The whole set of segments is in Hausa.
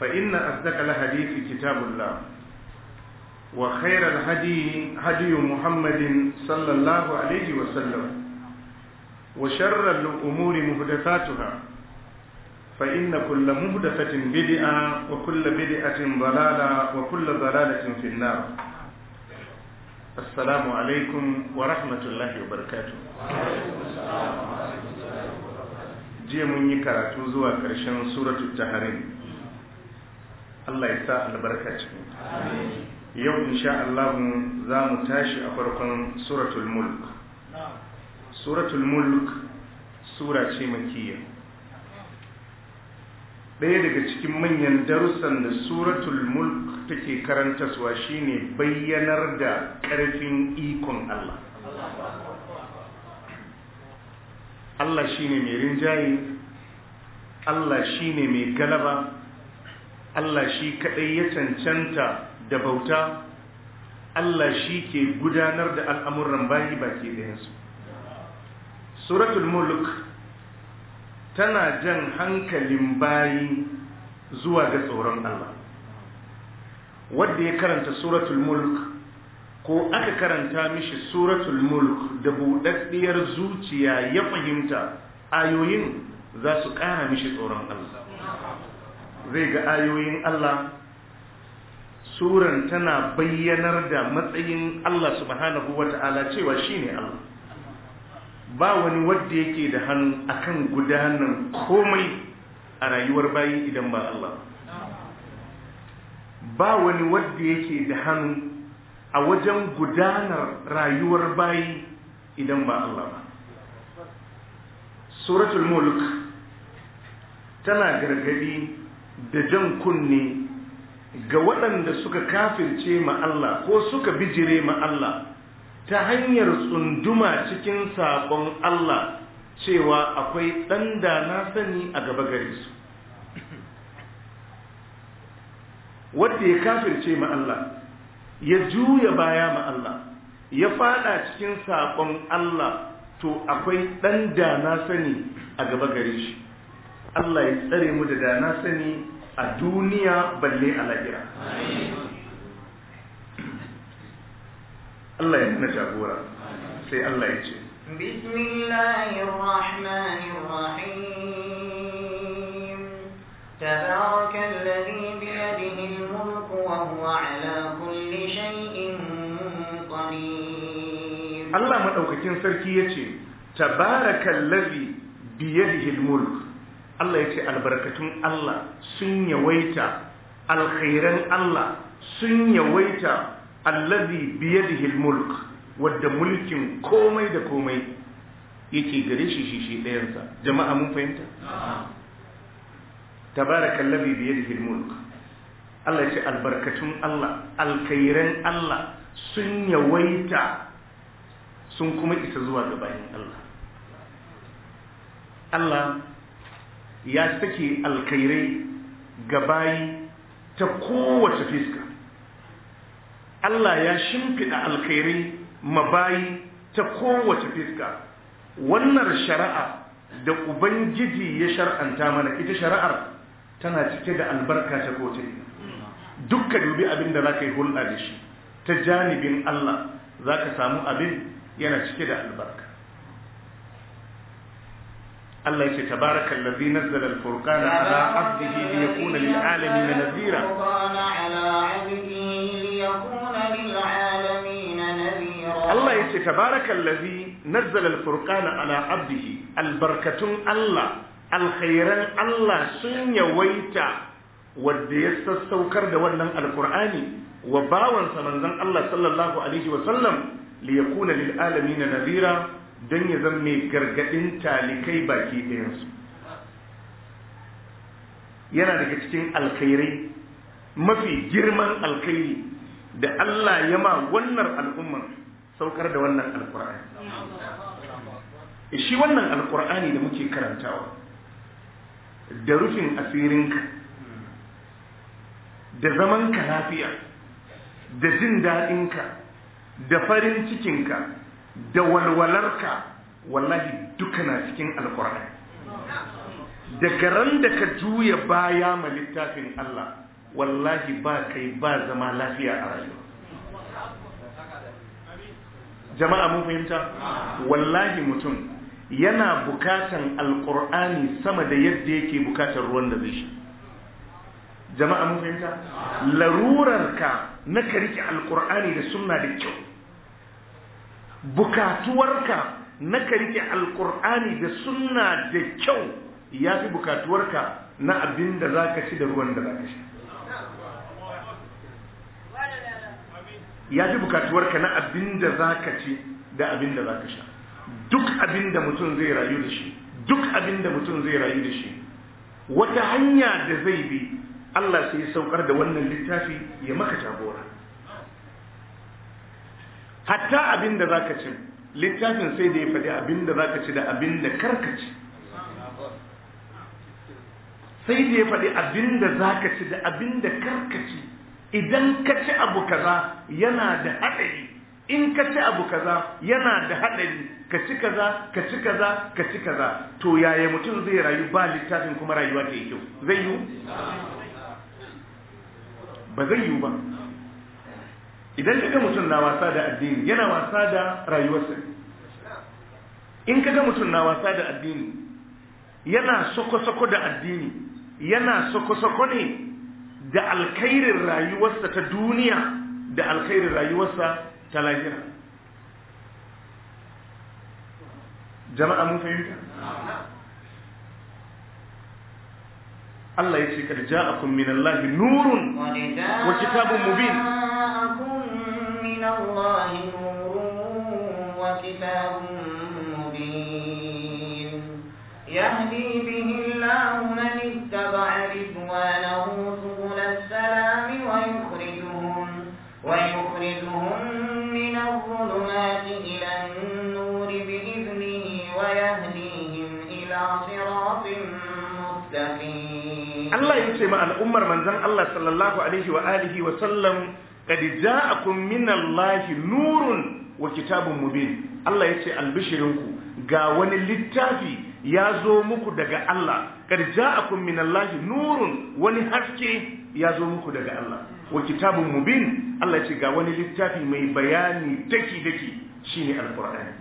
فإن أصدق الحديث كتاب الله وخير الهدي هدي محمد صلى الله عليه وسلم وشر الأمور مهدفاتها فإن كل مهدفة بدعة وكل بدعة ضلالة وكل ضلالة في النار السلام عليكم ورحمة الله وبركاته jiya mun yi karatu zuwa ƙarshen suratul taharim Allah ya sa albarka cikin yau insha Allah za mu tashi a farkon suratul mulk suratul mulk sura ce makiyya ɗaya daga cikin manyan darussan da suratul mulk take shi shine bayyanar da ƙarfin ikon Allah Allah shine mai rinjaye Allah shine mai galaba Allah shi kaɗai ya cancanta da bauta Allah shi ke gudanar da al'amuran bayi baki ɗayansu suratul muluk tana jan hankalin bayi zuwa ga tsoron Allah wadda ya karanta suratul muluk ko aka karanta mishi suratul muluk da buɗaɗɗiyar zuciya ya fahimta ayoyin za su ƙara mishi tsoron Allah zai ga ayoyin Allah suran tana bayyanar da matsayin Allah subhanahu ta'ala cewa shine Allah ba wani wadda yake da hannu akan gudanar komai a rayuwar bayi idan ba Allah ba wani wadda yake da hannu a wajen gudanar rayuwar bayi idan ba Allah ba suratul mulk tana gargadi da jan kunne ga waɗanda suka kafirce ma Allah ko suka bijire ma Allah ta hanyar tsunduma cikin sabon Allah cewa akwai ɗan da na sani a gaba gare su wadda ya kafirce ma Allah ya juya baya ma Allah ya fada cikin sabon Allah to akwai ɗan da na sani a gaba gare shi Allah ya tsare mu da da na sani a duniya balle a lahira Allah ya nuna jagora sai Allah ya ce Bismillahirrahmanirrahim tabarakal ladhi bi yadihi al-mulku wa huwa ala kulli shay'in qadir Allah madaukakin sarki yace tabarakal ladhi bi yadihi al Allah ya ce albarkatun Allah sun yawaita alkhairan Allah sun yawaita allazi biyadihi mulk wadda mulkin komai da komai yake gare shi shi shi ɗayansa jama'a mun fahimta tabaraka allazi biyadihi mulk Allah ya ce albarkatun Allah alkhairan Allah sun yawaita sun kuma isa zuwa ga Allah Allah ya sake alkhairai ga bayi ta kowace fiska Allah ya shimfiɗa alkhairai mabayi ta kowace fiska wannan shari'a da ubangiji ya shar'anta mana ita shari'ar tana cike da albarka ta kowace dukka dubi abin da za ka yi hulɗa da shi ta janibin Allah za ka samu abin yana cike da albarka Allah ya yake tabarakal ladzi nazzala al-furqana ala 'abdihi liyakuna lil 'alamin nadhira Allah ya yake tabarakal ladzi nazzala al-furqana ala 'abdihi albarkatun Allah alkhairan Allah sun yawaita wanda ya sassaukar da wannan alkur'ani wa bawansa manzon Allah sallallahu alaihi wa sallam li yakuna lil alamin nadhira don ya zama mai gargadin talikai baki ɗayansu yana daga cikin alkhairai mafi girman alkhairi da Allah ya ma wannan al'umman saukar da wannan alkur'ani shi wannan alkur'ani da muke karantawa da rufin asirinka da zamanka lafiya da jin daɗinka da farin cikinka da walwalarka wallahi duka na cikin alkur'ani daga ran da ka juya baya ma littafin Allah wallahi ba kai ba zama lafiya a rayuwa jama'a mun fahimta wallahi mutum yana bukatan alkur'ani sama da yadda yake bukatan ruwan da zai shi jama'a mun fahimta larurar ka na ka rike alkur'ani da sunna da kyau bukatuwarka na ka rike alkur'ani da sunna da kyau ya fi bukatuwarka na abin da za ka ci da ruwan da za ka sha ya fi bukatuwarka na abin da za ka ci da abin da za ka sha duk abin da mutum zai rayu da shi duk abin da mutum zai rayu da shi wata hanya da zai bi Allah sai saukar da wannan littafi ya maka jagora hatta abin da zaka ci littafin sai da ya faɗi abin da zaka ci da abin da karka ci sai da ya faɗi abin da zaka ci da abin da karka ci idan ka ci abu kaza yana da haɗari in ka ci abu kaza yana da haɗari ka ci kaza ka ci kaza ka ci kaza to yaya mutum zai rayu ba littafin kuma rayuwa ta yi kyau zai yiwu ba zai yiwu ba idan kaga mutum na wasa da addini yana wasa da rayuwarsa in kaga mutum na wasa da addini yana sako-sako da addini yana sako-sako ne da alkhairin rayuwarsa ta duniya da alkhairin rayuwarsa ta lahira jama'a mun fahimta Allah ya ce kad ja'akum minallahi nurun wa kitabun mubin من الله نور وكتاب مبين يهدي به الله من اتبع رضوانه سبل السلام ويخرجهم, ويخرجهم من الظلمات إلى النور بإذنه ويهديهم إلى صراط مستقيم الله أن الأمر من زن الله صلى الله عليه وآله وسلم qad ja'akum minallahi nurun wa kitabun mubin Allah yace ku ga wani littafi ya zo muku daga Allah qad ja'akum minallahi nurun wani haske ya zo muku daga Allah wa kitabun bin, Allah yace ga wani littafi mai bayani daki daki shine alqur'ani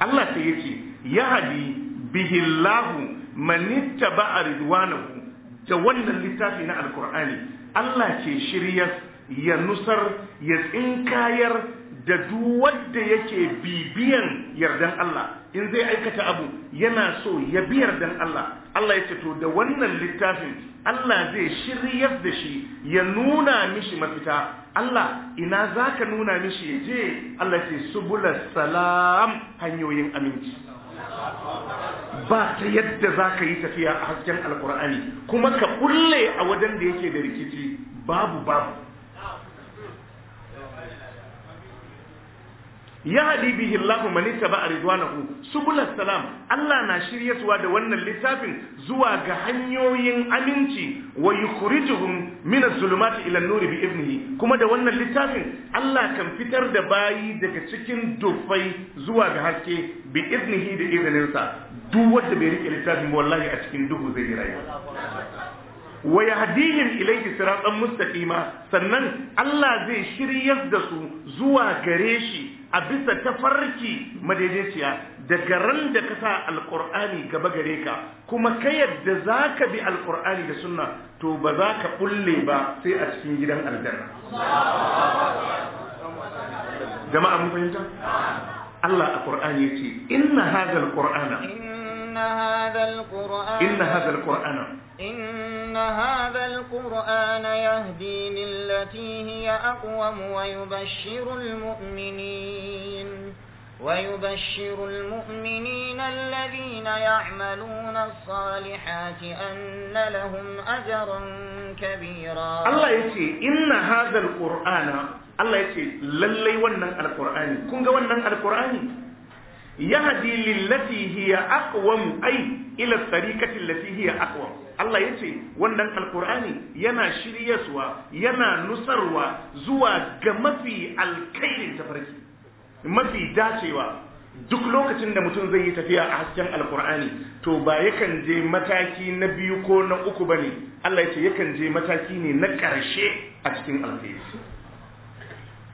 Allah sai yace yahdi bihillahu man ittaba'a ridwanahu da wannan littafi na alqur'ani Allah ke shiryar ya nusar ya tsinkayar da duk wanda yake bibiyan yardan Allah in zai aikata abu yana so ya bi yardan Allah Allah ya ce to da wannan littafin Allah zai shiryar da shi ya nuna mishi mafita Allah ina zaka nuna mishi ya je Allah ce bula salam hanyoyin aminci ba ta yadda ka yi tafiya a hasken alkur'ani kuma ka kulle a wajen da yake da rikici babu babu yahdi bihi Allahu man a ridwanahu subulas salam Allah na shiryatuwa da wannan littafin zuwa ga hanyoyin aminci wa yukhrijuhum min az-zulumati ila an-nuri bi ibnihi kuma da wannan littafin Allah kan fitar da bayi daga cikin dufai zuwa ga haske bi ibnihi da izininsa duk wanda bai rike littafin ba wallahi a cikin duhu zai rayu wa yahdihim ilayhi siratan mustaqima sannan Allah zai shiryar da su zuwa gare shi a bisa ta farki madaidaiciya daga ran da ka sa alkur'ani gaba gare ka kuma ka yadda za ka bi alkur'ani da sunna to ba za ka kulle ba sai a cikin gidan aljanna jama'a mun fahimta Allah a Qur'ani yace inna hadha alqur'ana inna hadha alqur'ana inna hadha alqur'ana إن هذا القرآن يهدي للتي هي أقوم ويبشر المؤمنين ويبشر المؤمنين الذين يعملون الصالحات أن لهم أجرا كبيرا الله يتي إن هذا القرآن الله يتي للي ونن القرآن كن ونن القرآن يهدي للتي هي أقوم أي إلى الطريقة التي هي أقوم Allah ya ce wannan alkur'ani yana shiryaswa yana nusarwa zuwa ga mafi alkairin tafarki mafi dacewa duk lokacin da mutum zai yi tafiya a hasken alkur'ani to ba yakan je mataki na biyu ko na uku bane Allah ya ce yakan je mataki ne na ƙarshe a cikin alkhairi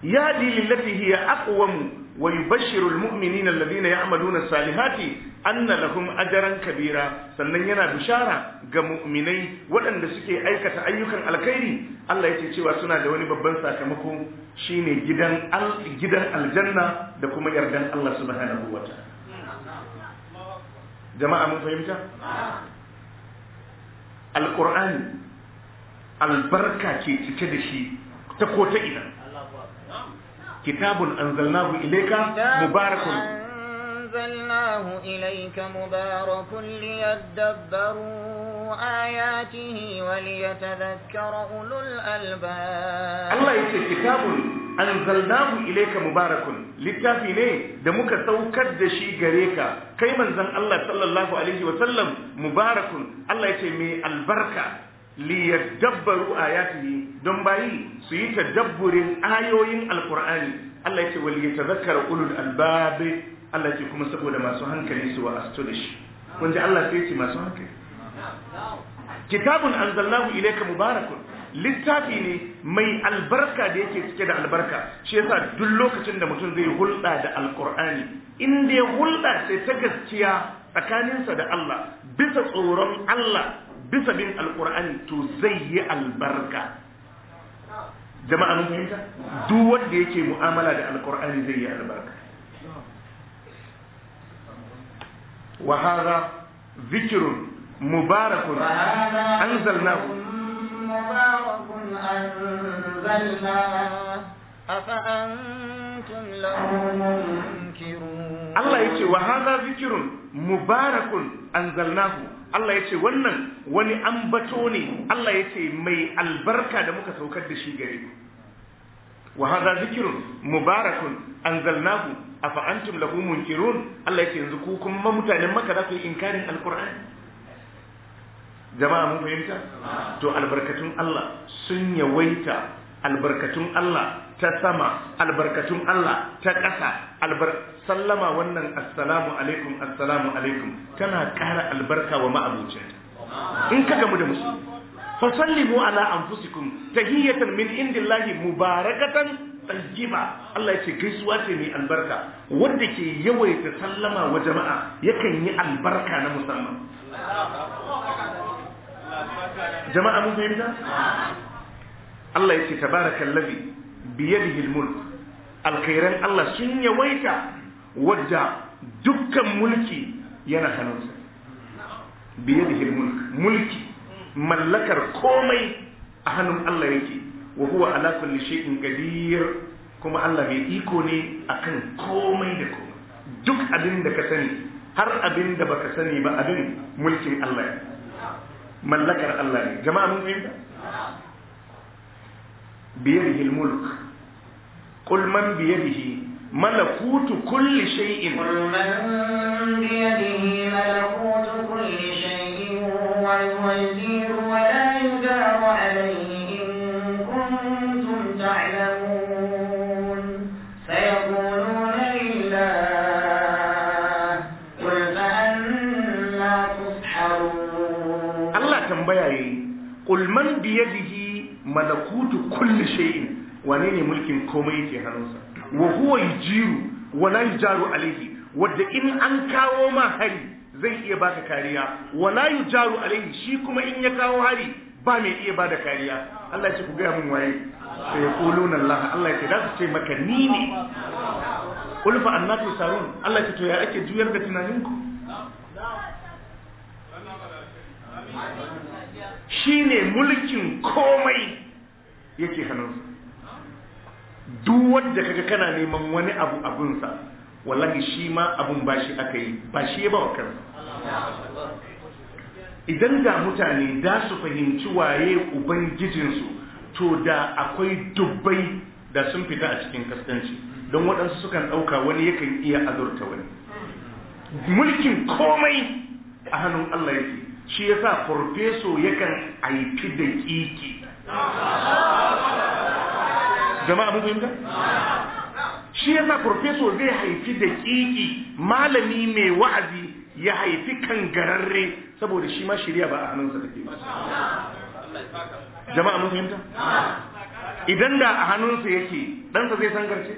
ya lillati hiya aqwamu wa yubashshiru almu'minina alladhina ya'maluna salihati anna lahum ajran kabira sannan yana bishara ga mu'minai waɗanda suke aikata ayyukan alkhairi Allah yake cewa suna da wani babban sakamako shine gidan al gidan aljanna da kuma yardan Allah subhanahu wataala jama'a mun fahimta alqur'ani albarka ce cike da shi ta ko ta ina kitabun anzalnahu ilayka mubarakun أنزلناه إليك مبارك ليدبروا آياته وليتذكر أولو الألباب الله يسي كتاب أنزلناه إليك مبارك littafi ne da muka saukar da shi gare ka kai manzon Allah sallallahu alaihi wa sallam mubarakun Allah yace mai albarka liyadabbaru ayatihi don bayi su yi tadabburin ayoyin alqur'ani Allah yace wal yatadhakkaru ulul albab Allah ce kuma saboda masu hankali su wa astonish Allah sai ce masu hankali kitabun anzalnahu ilayka mubarakun littafi ne mai albarka da yake cike da albarka shi yasa duk lokacin da mutum zai hulɗa da alkur'ani in da ya hulɗa sai ta gaskiya tsakaninsa da Allah bisa tsoron Allah bisa bin alkur'ani to zai yi albarka jama'a mun fahimta duk wanda yake mu'amala da alkur'ani zai yi albarka wa hadha dhikrun mubarakun anzalnahu mubarakun anzalnahu afa Allah yace wa hadha mubarakun Allah ya ce wannan wani ambato ne Allah ya ce mai albarka da muka saukar da shi gare wa hadha zikrun mubarakun Anzalnaku a antum lahu munkirun Allah yake yanzu ku kuma mutanen Makka za ku yi inkarin alqur'ani jama'a mun fahimta to albarkatun Allah sun yawaita albarkatun Allah ta sama albarkatun Allah ta ƙasa albar sallama wannan assalamu alaikum assalamu alaikum tana ƙara albarka wa ma'abucin in ka gamu da fasallimu ala anfusikum tahiyatan min indillahi mubarakatan tayyiba Allah ya ce gaisuwa ce mai albarka wanda ke yawaita sallama wa jama'a yakan yi albarka na musamman jama'a mun fahimta Allah ya ce yace tabarakallazi biyadihi almulk alkhairan Allah sun yawaita wadda dukkan mulki yana hannunsa biyadihi almulk mulki mallakar komai a hannun Allah yake wa huwa ala kulli shay'in qadir kuma Allah mai iko ne akan komai da komai duk abin da ka sani har abin da baka sani ba abin mulkin Allah ne mallakar Allah ne jama'a mun fahimta biyadihi al-mulk qul man biyadihi ملكوت كل شيء قل من بيده ملكوت كل شيء عنه الجير ولا يدار عليه إن كنتم تعلمون فيقولون لله قل فأنا تسحرون الله تنبيه قل من بيده ملكوت كل شيء wane mulkin komai yake hannunsa wa huwa yujiru wa la yujaru alayhi wanda in an kawo ma hari zai iya baka kariya wala yujaru alaihi shi kuma in ya kawo hari ba mai iya bada kariya Allah ce ku gaya mun waye sai kuluna Allah Allah ce ce maka ni ne kul fa annatu sarun Allah ya ce ya ake juyar da tunaninku shine mulkin komai yake hannunsa duk wanda kaga kana neman wani abu abunsa wallahi shi ma abun bashi akai yi ba shi ba wa idan da mutane za su fahimci waye ubangijinsu to da akwai dubbai da sun fita a cikin kaskanci don waɗansu sukan ɗauka wani yakan iya azurta wani mulkin komai a hannun Allah yake shi ya sa farfeso yakan aiki da kiki jama'a mun fahimta shi ya sa farfeso zai haifi da kiki malami mai wa'azi ya haifi kangararre saboda shi ma shirya ba a hannunsa take ba jama'a mun fahimta idan da a hannunsa yake ɗansa zai sangarce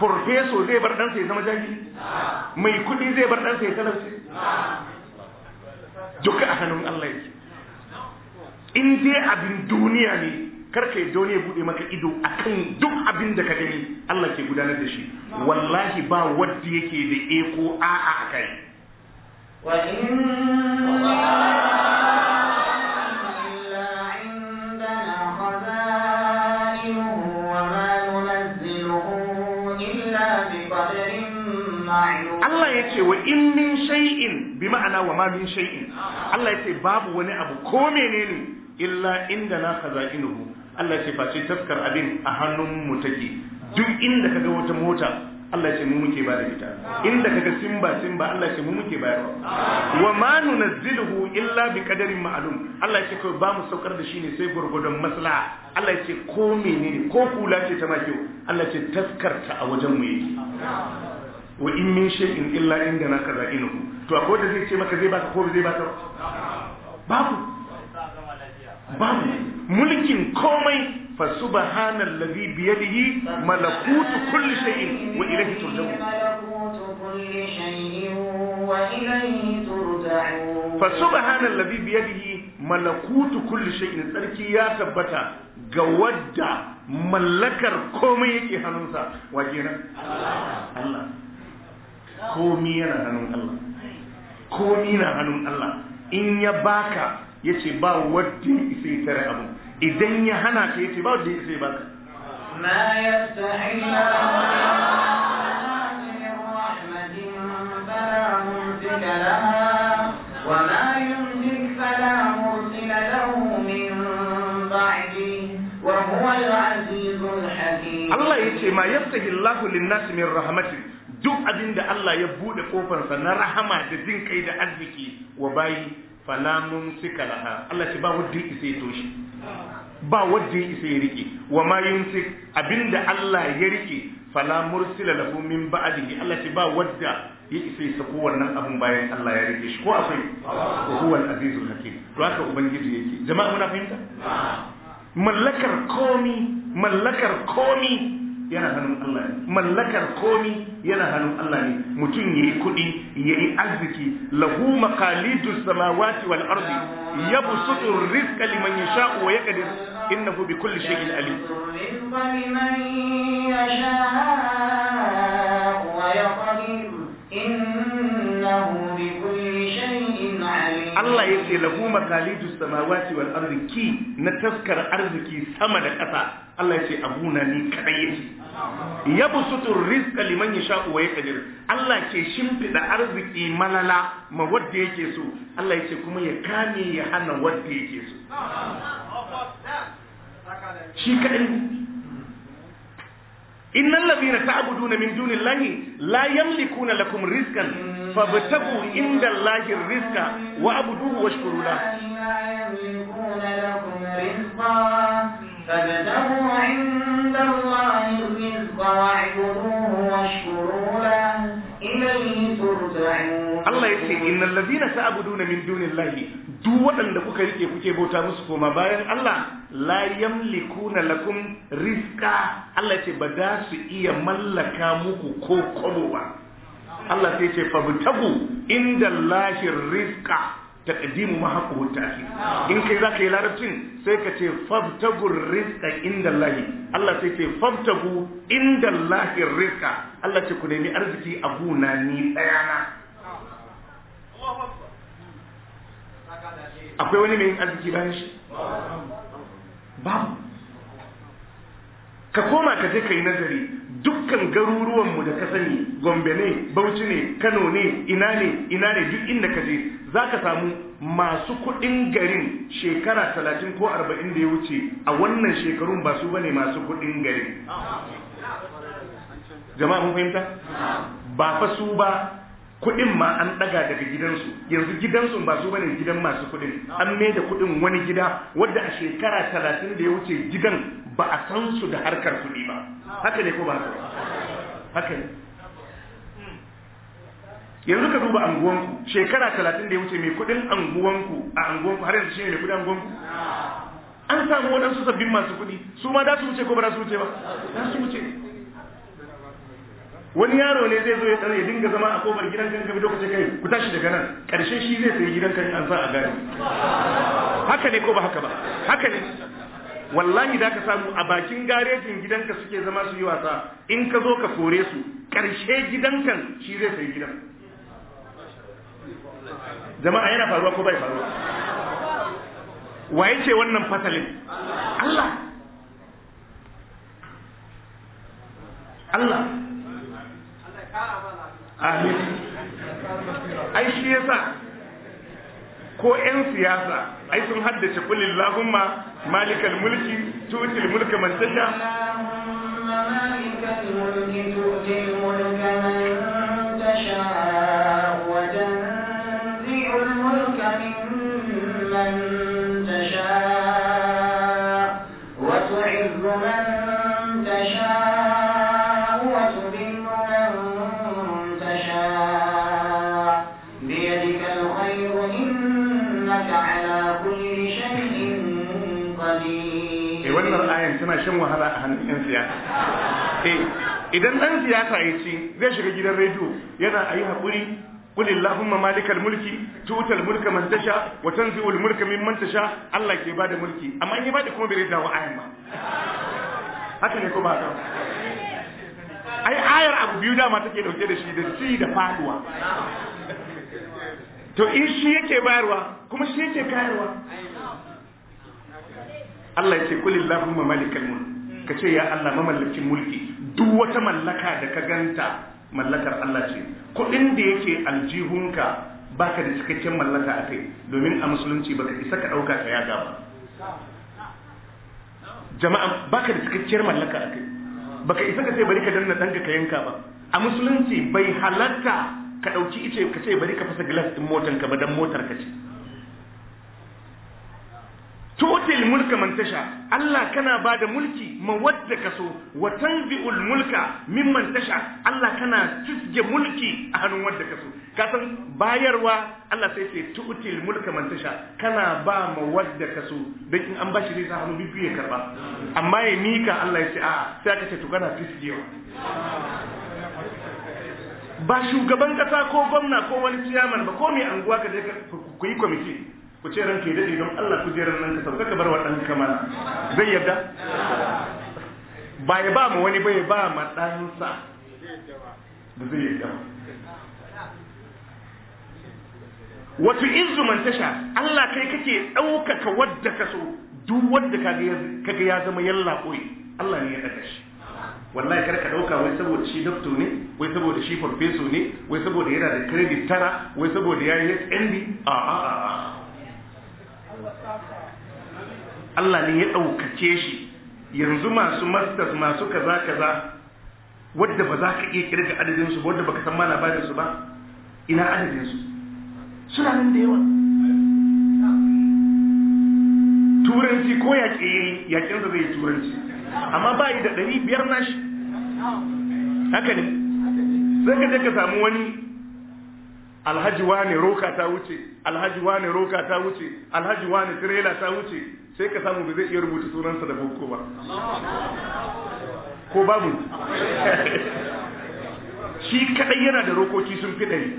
farfeso zai bar ɗansa ya zama jahili mai kudi zai bar ɗansa ya talauce duka a hannun Allah yake in dai abin duniya ne karka yadda wani ya buɗe maka ido akan duk abin da ka gani Allah ke gudanar da shi wallahi ba wadda yake da eko a'a a kai Allah ya ce wa in min shay'in bi ma'ana wa ma min shay'in Allah ya ce babu wani abu ko menene illa inda na khaza'inuhu Allah ya ce face taskar abin a hannun mu take duk inda kaga wata mota Allah ce mu muke ba da ita inda kaga simba simba Allah ce mu muke bayarwa wa ma nunazziluhu illa bi qadarin ma'lum Allah ce kai ba mu saukar da shi ne sai gurgudan maslaha Allah ce ko menene ko kula ce ta makiyo Allah ce taskarta a wajen mu yake wa in min shay'in illa kaza inu, to akwai da zai ce maka zai baka ko zai baka babu babu mulkin komai فسبحان الذي بيده ملكوت كل شيء وإليه ترجعون فسبحان الذي بيده ملكوت كل شيء تركي يا ثبتا جودا ملكر كومي يكي هنونسا واجينا الله كومي ينا هنون الله كومي ينا هنون الله إن يباكا يتي با ودي إسي ترى أبو idan ya hana ka yace ba da ya sai baka ma yastahi Allah ya ce ma yaftahi Allahu lin-nasi min rahmatin duk abinda Allah ya buɗe kofarsa na rahama da jin kai da arziki wa bayi fala mumsika laha Allah ce ba ya isa ya toshi ba ya isa ya rike wa ma yumsik abinda Allah ya rike fala mursila lahu min Allah ce ba ya isa ya sako wannan abun bayan Allah ya rike shi ko akwai huwa al-azizul hakim to haka ubangiji yake jama'a muna fahimta mallakar komi mallakar komi yana hannun Allah mallakar komi yana hannun Allah ne mutum yayi kuɗi yayi arziki lahu makalidu samawati wal ardi yabsutu rizqa liman yasha'u wa yaqdir innahu bikulli shay'in alim liman yasha'u wa yaqdir Allah ya ce lahu makalidu samawati wal arziki na taskar arziki sama da ƙasa Allah ya ce abuna ni kadai yake busutu rizqa liman yasha wa yaqdir Allah ke shimfida arziki malala ma wanda yake so Allah ya ce kuma ya kame ya hana wanda yake so shi kadai إن الذين تعبدون من دون الله لا يملكون لكم رزقا فابتغوا عند الله الرزق وعبدوه واشكروا له لا يملكون لكم رزقا فابتغوا عند الله الرزق واعبدوه واشكروا له إليه ترجعون الله يقول إن الذين تعبدون من دون الله duk waɗanda kuka rike kuke bauta musu koma bayan Allah la na lakum rizqa Allah ce ba da su iya mallaka muku ko kobo ba Allah sai ce fabtagu inda lahi rizqa taqdimu ma haqqu ta'khir in kai zaka yi larabcin sai ka ce fabtagu rizqa inda lahi Allah sai ce fabtagu inda lahi rizqa Allah ce ku nemi arziki a guna ni tsayana akwai wani mai yin arziki bayan shi babu ka koma ka je ka yi nazari dukkan garuruwanmu da ka sani gombe ne bauchi ne kano ne ina ne ina ne duk inda ka je za ka samu masu kuɗin garin shekara talatin ko arba'in da ya wuce a wannan shekarun ba su bane masu kuɗin garin jama'a mun fahimta ba fa su ba kuɗin ma an ɗaga daga gidansu yanzu gidansu ba su bane gidan masu kuɗin an mai da kuɗin wani gida wadda a shekara talatin da ya wuce gidan ba a san su da harkar kuɗi ba haka ne ko ba haka haka ne yanzu ka duba anguwanku shekara talatin da ya wuce mai kuɗin anguwanku a anguwanku har yanzu shi ne mai kuɗin anguwanku an samu waɗansu sabbin masu kuɗi su ma za su wuce ko ba za su wuce ba za su wuce wani yaro ne zai zo ya tsare ya dinga zama a kofar gidan kan kabi lokacin kai ku tashi daga nan Karshe shi zai sayi gidan kan an sa a gani haka ne ko ba haka ba haka ne wallahi da ka samu a bakin garejin gidanka suke zama su yi wasa in ka zo ka kore su karshe kan shi zai sayi gidan jama'a yana faruwa ko bai faruwa waye ce wannan fasalin Allah Allah amin ai shi yasa ko 'yan siyasa ai sun haddace kulillahumma malikal mulki tutil mulka man tasha ya kayyaci zai shiga gidan rediyo yana a yi haƙuri قل اللهم مالك الملك تؤتى الملك من watan وتنزع mulka ممن تشاء allah ke bada mulki amma in ya bada kuma bai dawo ayan ba, haka ne ko ba ka ai ayar abu biyu dama take dauke da shi da ci da faduwa to in shi yake bayarwa kuma shi yake kayarwa Allah ya ce kulillahumma malikal mulk kace ya Allah mamallakin mulki duk wata mallaka da ka ganta mallakar Allah ce kuɗin da yake aljihunka baka da cikakken mallaka a kai domin a musulunci baka isa ka ɗauka ka yaga ba jama'a baka da cikakkiyar mallaka a kai baka isa ka sai bari ka danna danka ka yanka ba a musulunci bai halatta ka ɗauki ice ka sai bari ka fasa gilas ɗin ka ba dan motar ka ce tutil mulka man tasha Allah kana bada mulki ma wadda kaso wa tanzi'ul mulka mimman tasha Allah kana tsige mulki a hannun wadda kaso ka san bayarwa Allah sai sai tutil mulka man tasha kana ba ma wadda kaso dan in an bashi zai sa hannu bi karba amma ya mika Allah ya ce a'a sai aka ce to kana tsigewa ba shugaban kasa ko gwamna ko wani ciyaman ba ko mai anguwa ka je ka yi kwamiti ku ce ke daɗe don Allah kujerar nan ka sauka ka bar wa ɗan kamar zai yarda ba ya ba mu wani bai ba ma ɗansa da zai yarda wato izu man tasha Allah kai kake ɗaukaka wadda ka so duk wadda kaga ya zama yalla koyi Allah ne ya ɗaga shi wallahi kar ka dauka wai saboda shi doctor ne wai saboda shi farfeso ne wai saboda yana da credit tara wai saboda yayi HND a a a Allah ne ya ɗaukace shi yanzu masu masters masu kaza kaza wadda ba za ka iya kirga adadin su wadda ka san mana labarin su ba ina adadinsu suna nan da yawa turanci ko yaƙe yaƙin da zai turanci amma ba yi da ɗari biyar nashi haka ne zai ka je ka samu wani alhaji wane roka ta wuce alhaji wane roka ta wuce alhaji wane tirela ta wuce sai ka samu ba zai iya rubuta sunansa da boko ba ko babu shi kadai yana da rokoki sun fi ɗari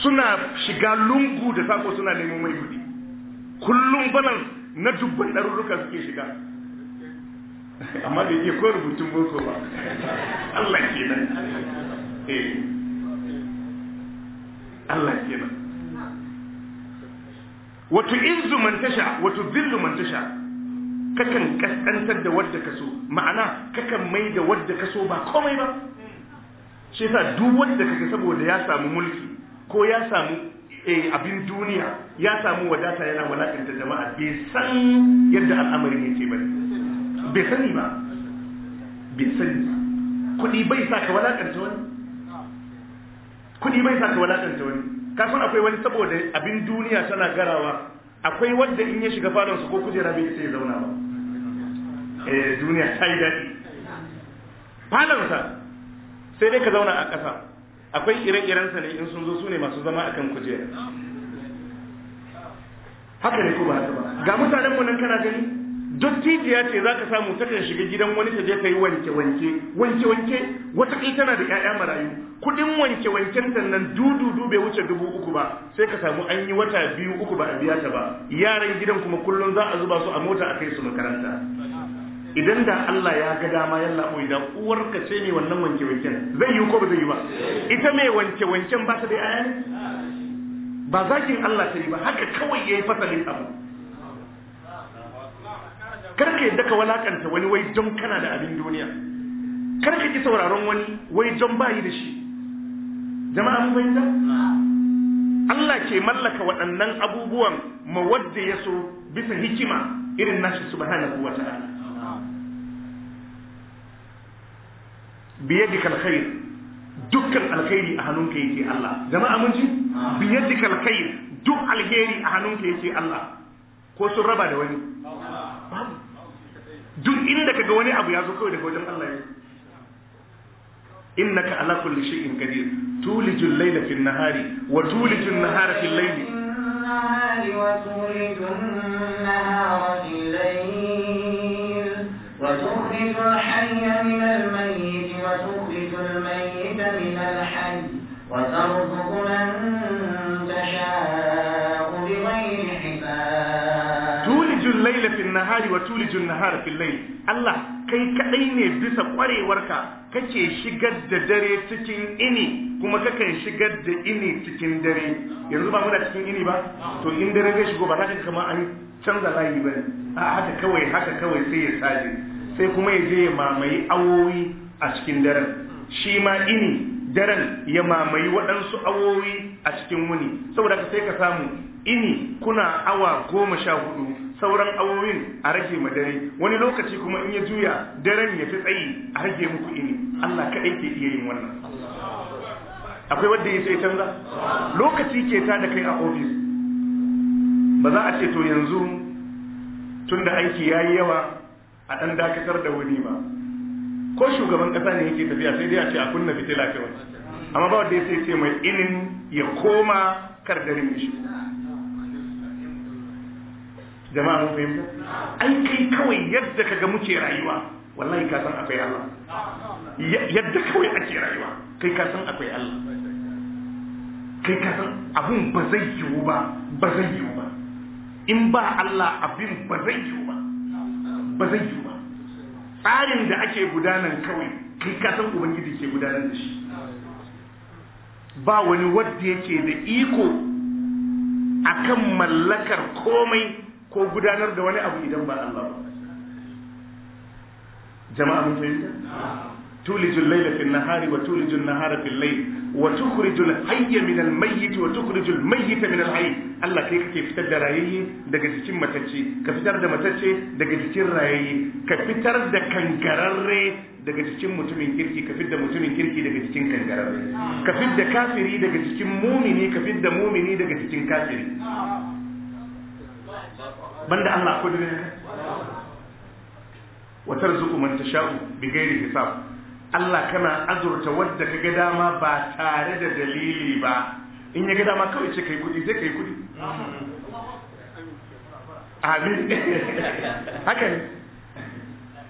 suna shiga lungu da sako suna neman mai kudi kullum balan na dubban ɗarurruka suke shiga amma da iya ko rubutun boko ba Allah ke nan eh. Allah kenan wato izzu man tasha wato zillu man tasha kakan kaskantar da wadda ka so ma'ana kakan mai da wadda ka so ba komai ba shi yasa duk wanda kaga saboda ya samu mulki ko ya samu eh, abin duniya ya samu wadata yana walakanta jama'a bai san yadda al'amarin yake ba bai sani ba bai sani kuɗi bai sa ka walakanta wani kuɗi bai sa ka walakanta wani ka san akwai wani saboda abin duniya tana garawa akwai wanda in ya shiga fadon su ko kujera bai sai zauna ba eh duniya ta yi daɗi fadon sa sai dai ka zauna a ƙasa akwai ire-iren sa ne in sun zo su ne masu zama akan kujera haka ne ko ba haka ba ga mutanen mu nan kana gani dottijiya ce za ka samu takan shiga gidan wani ta je ka yi wanke-wanke wanke-wanke wata tana da 'ya'ya marayu kudin wanke-wanken ta nan dududu bai wuce dubu uku ba sai ka samu an yi wata biyu uku ba a biya ta ba yaran gidan kuma kullum za a zuba su a mota a kai su makaranta idan da Allah ya ga dama yalla oi da ka ce ne wannan wanke-wanken zai yi ko ba zai yi ba ita mai wanke-wanken ba ta da 'ya'ya ba zakin Allah ta yi ba haka kawai yayi fasalin abu kar ka yadda ka walakanta wani wai don kana da abin duniya kar ka ki sauraron wani wai don bayi da shi jama'a mun fahimta Allah ke mallaka waɗannan abubuwan mawadda ya so bisa hikima irin nashi subhanahu wa ta'ala biyadika alkhair dukkan alkhairi a hannunka yake Allah jama'a mun ji biyadika alkhair duk alheri a hannunka yake Allah ko sun raba da wani babu duk inda kaga wani abu ya zo kawai daga wajen Allah ya innaka ala kulli shay'in qadir tulijul layla fil nahari wa tulijul nahara fil layli وتخرج الحي من الميت وتخرج الميت من الحي وترزق من nahari wa tulijun nahar fil Allah kai kadai ne bisa kwarewarka kake shigar da dare cikin ini kuma kake shigar da ini cikin dare yanzu ba muna cikin ini ba to in dare zai shigo ba haka kama an canza layi ba a haka kawai haka kawai sai ya saje sai kuma ya je ya mamayi awowi a cikin daren shi ma ini daren ya mamayi waɗansu awowi a cikin wuni saboda aka sai ka samu ini kuna awa goma sha hudu sauran awowin a rage ma dare wani lokaci kuma in ya juya daren ya fi tsayi a rage muku ini Allah ka ke iya yin wannan akwai wanda ya sai canza lokaci ke ta da kai a ofis ba za a ce to yanzu tun da aiki ya yi yawa a ɗan dakatar da wani ba ko shugaban ƙasa ne yake tafiya sai dai a ce a kunna fitila kawai amma ba wanda ya sai ce mai inin ya koma kar dare ya shi. jama'a mun fahimta ai kai kawai yadda kaga muke rayuwa wallahi ka san akwai Allah yadda kawai ake rayuwa kai ka san akwai Allah kai ka san abin ba zai yiwu ba ba zai yiwu ba in ba Allah abin ba zai yiwu ba ba zai yiwu ba tsarin da ake gudanar kawai kai ka san ubangiji ke gudanar da shi ba wani wadda yake da iko akan mallakar komai ko gudanar da wani abu idan ba Allah ba jama'a mun fahimta tulijul layla fil nahari wa tulijul nahara fil layl wa tukhrijul hayya min al mayyit wa tukhrijul mayyita min al hayy Allah kai kake fitar da rayayye daga jikin matacce ka fitar da matacce daga jikin rayayye ka fitar da kangararre daga cikin mutumin kirki ka fidda mutumin kirki daga cikin kangararre ka fidda kafiri daga cikin mumini ka mumini daga cikin kafiri banda Allah ko dare ne wa tarzuqu man tasha'u ghairi hisab Allah kana azurta wadda kaga dama ba tare da dalili ba in ya ga dama kawai ce kai kudi sai kai kudi amin haka ne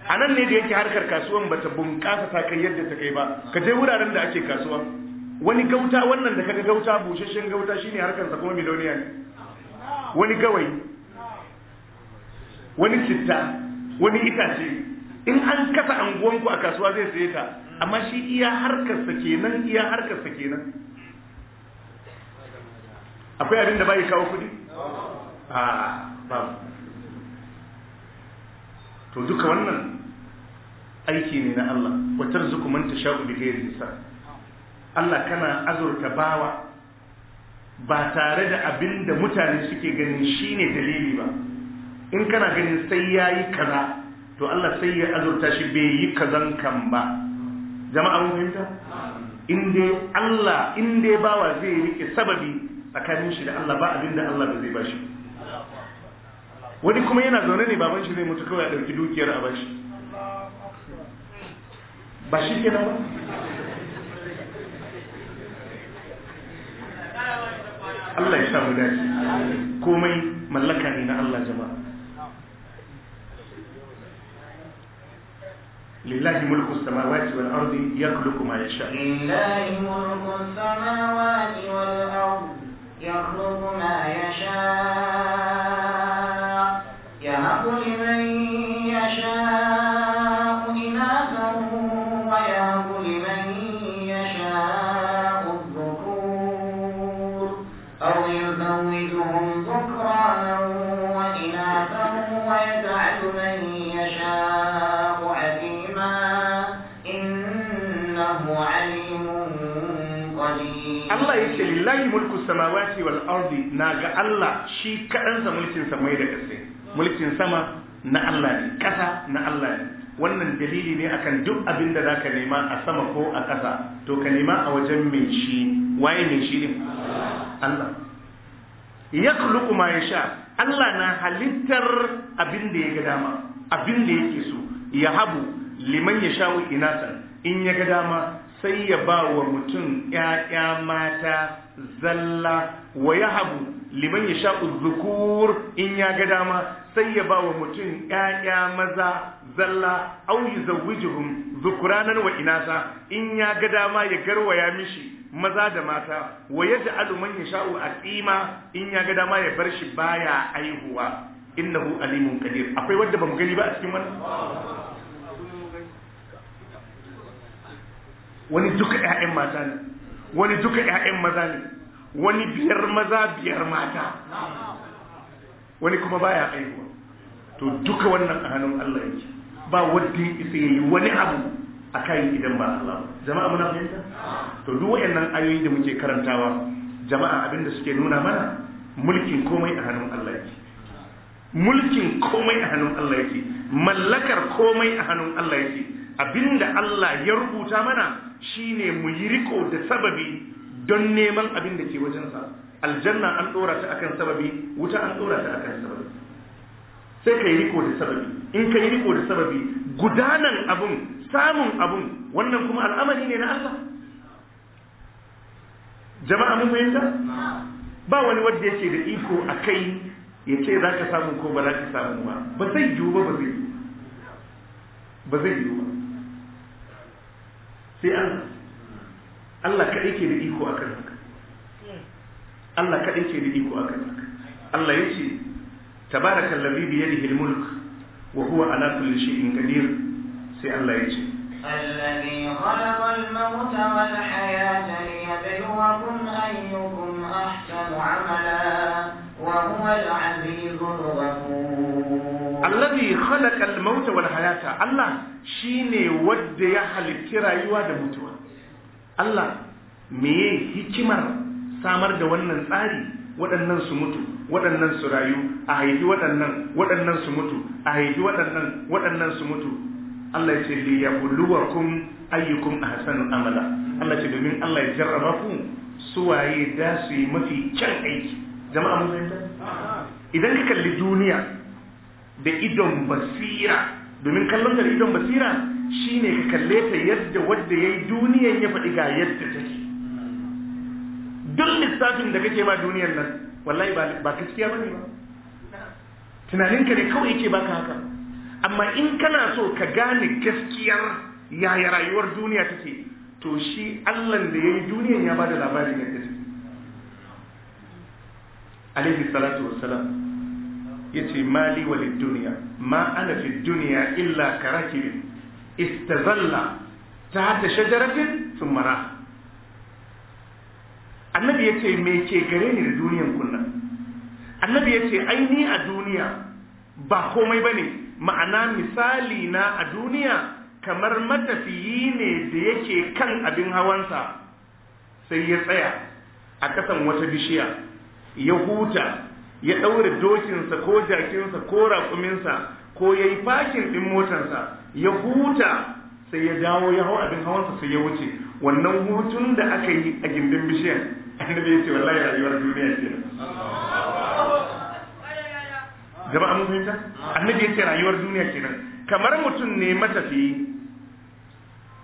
a nan ne da yake harkar kasuwan bata bunƙasa ta kai yadda ta kai ba ka je wuraren da ake kasuwa wani gauta wannan da kaga gauta busheshen gauta shine harkar sa kuma miliyoniya ne wani gawai wani citta wani itace in an kasa anguwanku a kasuwa zai saye ta amma shi iya harkarsa kenan iya harkarsa kenan akwai abin da bai kawo kudi a ba to duka wannan aiki ne na Allah wa tarzuku man tasha'u bi ghairi sa Allah kana azurta bawa ba tare da abin da mutane suke ganin shine dalili ba in kana ganin sai ya yi kaza to Allah sai ya azurta shi bai yi kazan kan ba jama'a mun fahimta in dai Allah in dai bawa zai rike sababi tsakanin shi da Allah ba abinda Allah ba zai bashi wani kuma yana zaune ne baban shi zai mutu kawai a ɗauki dukiyar a bashi ba shi ke ba Allah ya sa mu dace komai mallaka ne na Allah jama'a لله ملك السماوات والأرض يخلق ما يشاء لله ملك السماوات والأرض يخلق ما يشاء lillahi mulku samawati wal ardi na ga Allah shi kaɗansa mulkin samai da ƙasa mulkin sama na Allah ne ƙasa na Allah ne wannan dalili ne akan duk abin da zaka nema a sama ko a ƙasa to ka nema a wajen mai shi waye mai shi din Allah ya khluqu ma yasha Allah na halittar abin da ya ga dama abin da yake so ya habu liman yasha'u inasan in ya ga dama sai ya ba wa mutum ‘ya'ya mata zalla wa ya habu liman ya sha'u zukur in ya ga dama sai ya ba wa mutum ‘ya'ya maza zalla au yi zawijihun zukuranan wa inasa in ya ga dama ya garwaya mishi maza da mata wa ya ja'alu man ya sha'u a tsima in ya ga dama ya bar shi baya aihuwa innahu alimun kadir akwai wadda ba mu gani ba a cikin wannan wani duka 'ya'yan mata ne wani duka 'ya'yan maza ne wani biyar maza biyar mata wani kuma baya aiwa to duka wannan a hannun Allah yake ba wadda ya isa yi wani abu a kayan idan ba Allah jama'a muna fahimta to duk wayannan ayoyi da muke karantawa jama'a abinda suke nuna mana mulkin komai a hannun Allah yake mulkin komai a hannun Allah yake mallakar komai a hannun Allah yake abinda Allah ya rubuta mana shine mu yi riko da sababi don neman abin da ke wajensa aljanna an dora ta akan sababi wuta an dora ta akan sababi sai ka yi riko da sababi in ka yi riko da sababi gudanan abun samun abun wannan kuma al'amari ne na Allah jama'a mun fahimta ba wani wanda yake da iko a kai ya ce za ka samu ko ba za ka samu ba ba zai yiwu ba ba zai yiwu ba sai an Allah kaɗai ke da iko akan haka Allah kaɗai ke da iko akan haka Allah ya ce tabarakal ladhi bi yadihi al-mulk wa huwa ala kulli shay'in qadir sai Allah ya ce الذي خلق الموت والحياة ليبلوكم أيكم أحسن عملا وهو العزيز الغفور allazi khalaqal mauta wal hayata Allah shine wanda ya halitti rayuwa da mutuwa Allah meye hikimar samar da wannan tsari waɗannan su mutu waɗannan su rayu a haifi waɗannan waɗannan su mutu a haifi waɗannan waɗannan su mutu Allah ya ce li yabluwakum ayyukum ahsanu amala Allah ce domin Allah ya jarraba ku suwaye da su yi mafi kyan aiki jama'a mun idan ka kalli duniya da idon basira domin kallon da idon basira shine ka kalle ta yadda wadda yayi duniyan ya faɗi ga yadda take duk lissafin da kake ma duniyan nan wallahi ba gaskiya bane ba ka ne kawai yake baka haka amma in kana so ka gane gaskiyar yaya rayuwar duniya take to shi Allah da yayi duniyar ya bada labarin yadda take alaihi salatu wassalam yace mali walid dunya ma ana fi duniya illa karakibin istazalla tahta shajaratin thumma ra annabi yace me ke gare ni da duniyan kunna annabi yace ce ni a duniya ba komai bane ma'ana misali na a duniya kamar matafiyi ne da yake kan abin hawansa sai ya tsaya a kasan wata bishiya ya huta ya ɗaure dokinsa ko jakinsa ko raƙuminsa ko ya yi fakin ɗin motarsa ya huta sai ya dawo ya hau abin hawansa sai ya wuce wannan hutun da aka yi a gindin bishiyar annabi ya ce wallahi rayuwar duniya ce jama'a mun fahimta annabi ya ce rayuwar duniya kenan kamar mutum ne matafiyi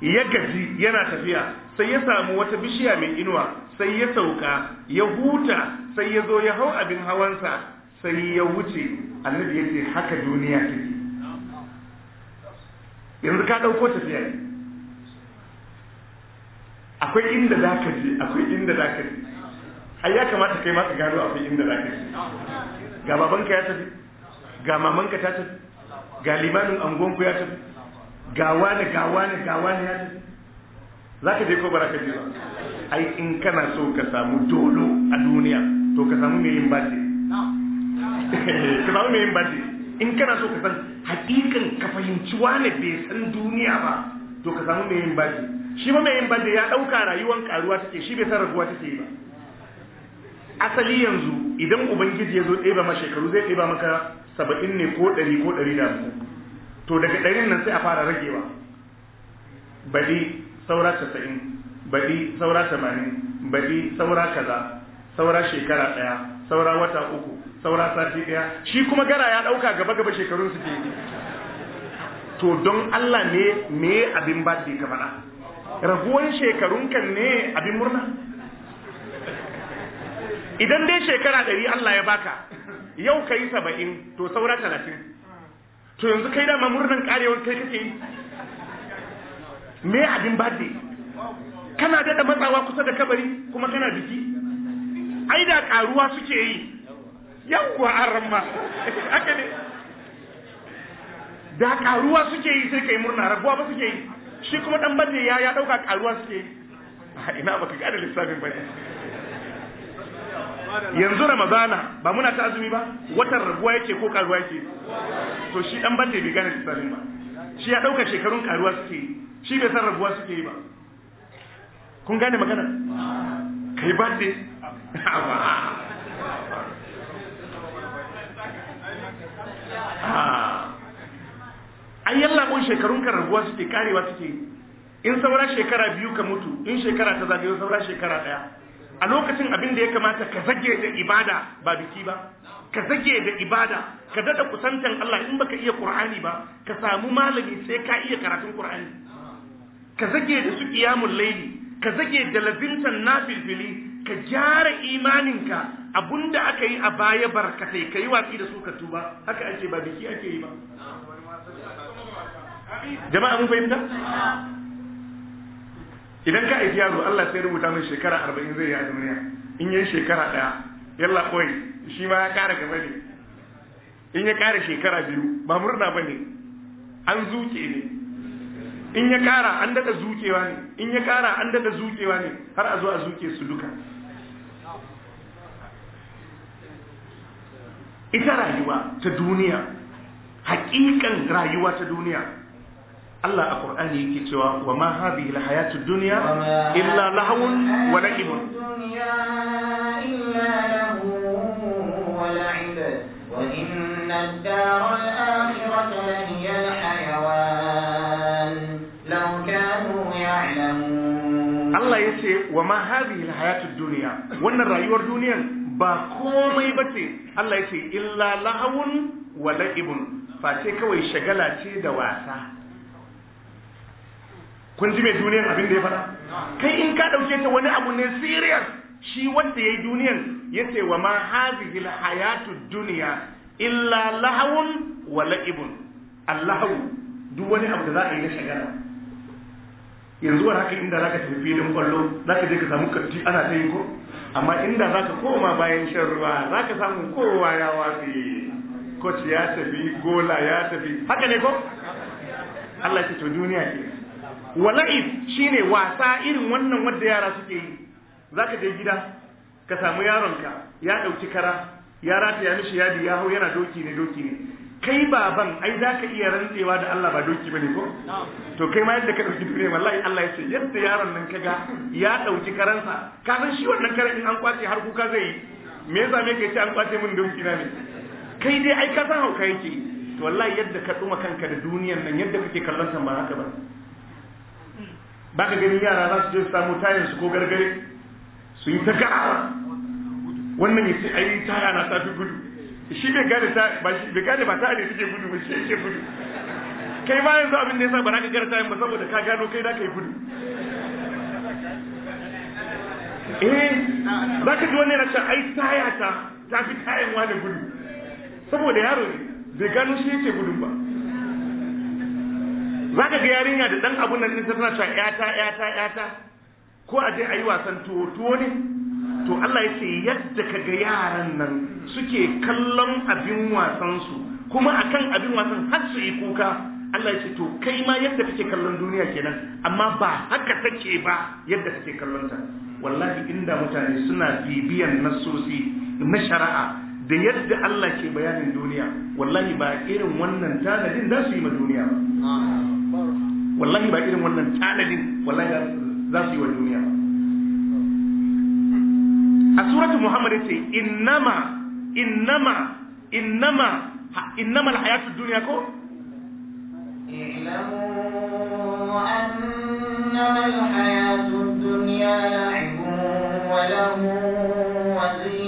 ya gaji yana tafiya sai ya samu wata bishiya mai inuwa sai ya sauka ya huta sai ya zo ya hau abin hawansa sai ya wuce annabi ya ce haka duniya ke yanzu ka ɗauko tafiya ne akwai inda za ka je akwai inda za ka je ai ya kamata kai ma ka gano akwai inda za ka je ga babanka ya tafi ga mamanka ta tafi ga limanin angonku ya tafi gawa ne gawa ne gawa ne za ka je ko bara ka je ba ai in kana so ka samu dolo a duniya to ka samu mai yin baje ka samu mai yin baje in kana so ka san hakikan ka fahimci wane bai san duniya ba to ka samu mai yin baje shi ma mai yin baje ya dauka rayuwan karuwa take shi bai san raguwa take ba asali yanzu idan ubangiji ya zo ɗeba ma shekaru zai ɗeba maka saba'in ne ko ɗari ko ɗari da hamsin to daga ɗarin nan sai a fara ragewa bari saura casa'in bari saura tamanin bari saura kaza saura shekara ɗaya saura wata uku saura sati ɗaya shi kuma gara ya ɗauka gaba gaba shekarun su ke to don Allah ne me abin ba ke ka faɗa raguwan shekarun kan ne abin murna idan dai shekara ɗari Allah ya baka yau ka yi saba'in to saura talatin to yanzu kai dama murnan karewar kai kake yi me abin bade kana dada matsawa kusa da kabari kuma kana biki ai da karuwa suke yi yawwa arma aka ne da karuwa suke yi sai kai murna rabuwa ba suke yi shi kuma dan bade ya ya dauka karuwa suke yi ah, ina baka ga da lissafin bane yanzu ramadana ba muna ta azumi ba watan raguwa yake ko karuwa yake to shi dan bande bai gane tsarin ba shi ya dauka shekarun karuwa suke shi bai san raguwa suke yi ba kun gane magana kai bande ah. ai yalla mun shekarun kan raguwa suke karewa suke in saura shekara biyu ka mutu in shekara ta zagayo saura shekara daya a lokacin abin da ya kamata ka zage da ibada ba biki ba ka zage da ibada ka dada kusantan Allah in baka iya Qur'ani ba ka samu malami sai ka iya karatun Qur'ani ka zage da su qiyamul layli ka zage da na nafilfili ka gyara imaninka abunda aka yi a baya barkatai kai watsi da su ka tuba haka ake ba biki ake yi ba jama'a mun fahimta idan ka aiki yaro Allah sai rubuta mai shekara arba'in zai yi a duniya in yi shekara ɗaya yalla kawai shi ma ya ƙara gaba ne in ya ƙara shekara biyu ba murna ba ne an zuke ne in ya ƙara an daɗa zukewa ne in ya ƙara an daɗa zukewa ne har a zo a zuke su duka ita rayuwa ta duniya hakikan rayuwa ta duniya Allah a Ƙur'ani yake cewa wa ma habi la hayatu dunya illa lahawun wa la'ibun Allah ya ce wa ma habi la hayatu dunya wannan rayuwar duniyan ba komai ba ce Allah ya ce illa lahawun wa la'ibun face kawai shagala ce da wasa kun ji mai duniyan abin da ya faɗa kai in ka ɗauke ta wani abu ne serious shi wanda ya yi duniyan ya ce wa ma hazihil hayatu duniya illa lahawun wa la'ibun allahu duk wani abu da za a yi na shagara yanzu wani haka inda zaka tafi filin kwallo zaka je ka samu katti ana ta yi ko amma inda zaka koma bayan shan ruwa zaka samu kowa ya wafi coach ya tafi gola ya tafi haka ne ko Allah ya ce to duniya ke wala'ib shine wasa irin wannan wanda yara suke yi zaka je gida ka samu yaronka ya dauki kara ya rata ya mishi yadi ya hau yana doki ne doki ne kai baban ai zaka iya rantsewa da Allah ba doki bane ko to kai ma yadda ka dauki duniya wallahi Allah ya ce yadda yaron nan kaga ya dauki karansa ka san shi wannan karan in an kwace har kuka zai yi me yasa me kace an kwace min doki na ne kai dai ai ka san hauka yake to wallahi yadda ka duma kanka da duniyan nan yadda kake kallon ba haka ba ba ka gani yara za su je su samu tayan su ko gargare su yi ta gara wannan ya ce ayi taya na tafi gudu shi bai gane ta ba shi bai gane ba ta ne take gudu ba shi yake gudu kai ma yanzu abin da yasa ba za ka gara tayan ba saboda ka gano kai da kai gudu eh za ka ji wani na can ai taya ta ta fi tayan wani gudu saboda yaro bai gano shi yake gudun ba za ka ga yarinya da ɗan abun nan ɗinsa tana cewa ƴata ƴata ƴata ko a je a yi wasan tuwo tuwo ne to Allah ya yadda ka ga yaran nan suke kallon abin wasansu kuma akan abin wasan har su yi kuka Allah ya ce to kai ma yadda kake kallon duniya kenan amma ba haka take ba yadda kake kallon ta wallahi inda mutane suna bibiyan nasosi na shari'a da yadda Allah ke bayanin duniya wallahi ba irin wannan tanadin za su yi ma duniya ba wallahi ba irin wannan tanadin wallahi za su yi wa duniya ba a suratu muhammad ce innama innama innama innama alhayatud dunya ko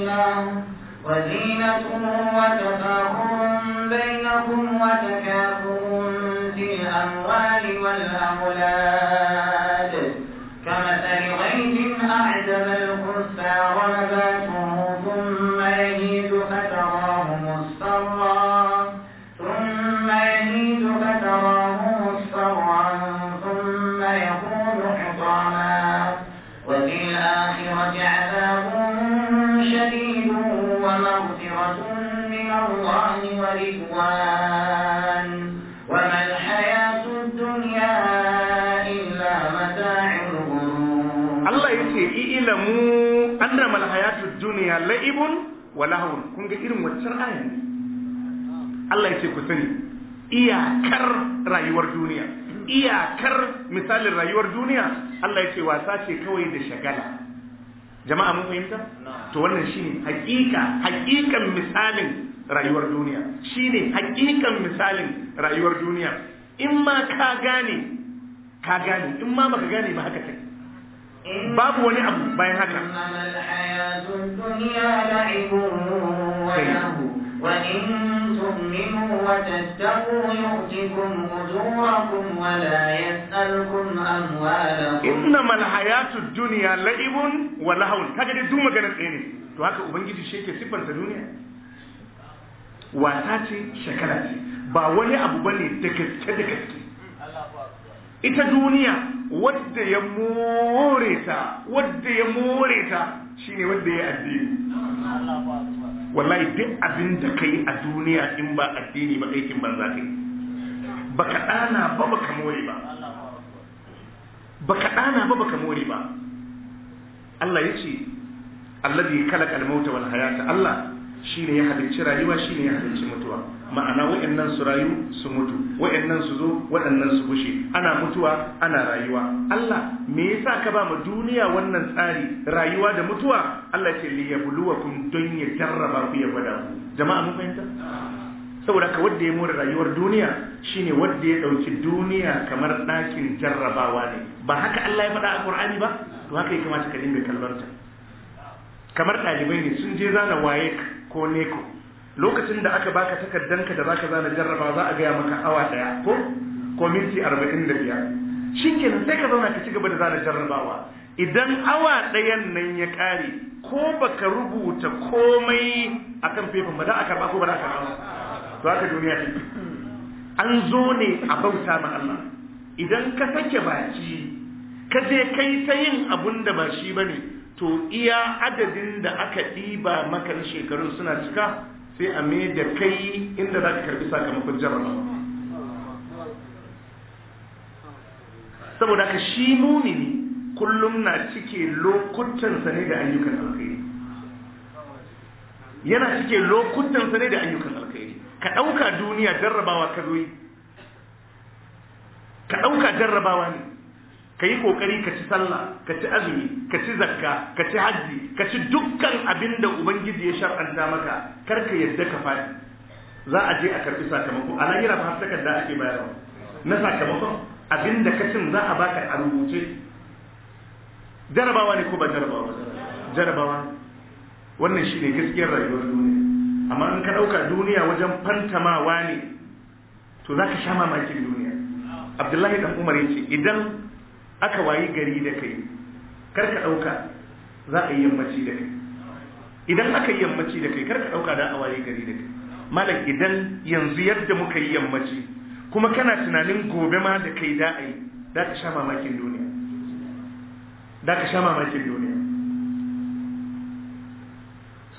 اعلموا وزينة وتفاخر بينكم وتكاثر في الأموال والأولاد كمثل غيث أعجب الكفار نباته wala haul kun ga irin waccan ayan Allah ya ce ku sani iyakar rayuwar duniya iyakar misalin rayuwar duniya Allah ya ce wasa ce kawai da shagala jama'a mun fahimta to wannan shine hakika hakikan misalin rayuwar duniya shine hakikan misalin rayuwar duniya in ma ka gane ka gane in ma baka gane ba haka take babu wani abu bayan haka innama alhayatu dunya la'ibun wa lahun. kaga dai duma ganin ɗaya ne to haka ubangiji shi yake siffanta duniya Wata ce shekara ce ba wani abu bane da gaske da gaske ita duniya wadda ya more ta wadda ya more ta shine wadda ya addini wallahi duk abin da kai a duniya in ba addini ba aikin banza kai baka dana ba baka more ba baka dana ba baka more ba Allah yace alladhi khalaqa al-mauta wal hayata Allah shi ne ya halicci rayuwa shi ne ya halicci mutuwa ma'ana wa'annan su rayu su mutu wa'annan su zo waɗannan su bushe ana mutuwa ana rayuwa Allah me yasa ka ba mu duniya wannan tsari rayuwa da mutuwa Allah ce li yabluwakum don ya jarraba ku ya gwada ku jama'a mun fahimta saboda ka wanda ya more rayuwar duniya shine wanda ya dauki duniya kamar ɗakin jarrabawa ne ba haka Allah ya faɗa a Qur'ani ba to haka ya kamata ka dinga kallon ta kamar ɗalibai ne sun je zana waye ko neko lokacin da aka baka ka da zaka zana jarraba za a gaya maka awa daya ko ko minti arba'in da biyar shikenan sai ka zauna ka ci gaba da zana jarrabawa idan awa ɗayan nan ya ƙare ko baka rubuta komai akan fefin ba za a karɓa ko ba za a karɓa to haka duniya ce an zo ne a bauta ma Allah idan ka sake baki ka je kai ta yin abun da ba shi bane to iya adadin da aka ɗiba maka na shekarun suna cika sai a mai da kai inda za ka karbi sakamakon jarraba saboda ka shi mumini kullum na cike lokutansa ne da ayyukan alkairi yana cike lokutansa ne da ayyukan alkairi ka ɗauka duniya jarrabawa ka zo ka ɗauka jarrabawa ne ka yi kokari ka ci sallah ka ci azumi ka ci zakka ka ci hajji ka ci dukkan abin da ubangiji ya shar'anta maka kar ka yadda ka faɗi za a je a karɓi sakamako a lahira ba har takarda ake bayarwa na sakamakon abin da ka cin za a baka a rubuce jarabawa ne ko ba jarabawa jarabawa wannan shine gaskiyar rayuwar duniya amma in ka ɗauka duniya wajen fantamawa ne to za sha mamakin duniya abdullahi dan umar ya ce idan aka wayi gari da kai kar ka ɗauka za a yi yammaci da kai idan aka yi yammaci da kai kar ka ɗauka da a wayi gari da kai malam idan yanzu yadda muka yi yammaci kuma kana tunanin gobe ma da kai da a yi da ka sha mamakin duniya da ka sha mamakin duniya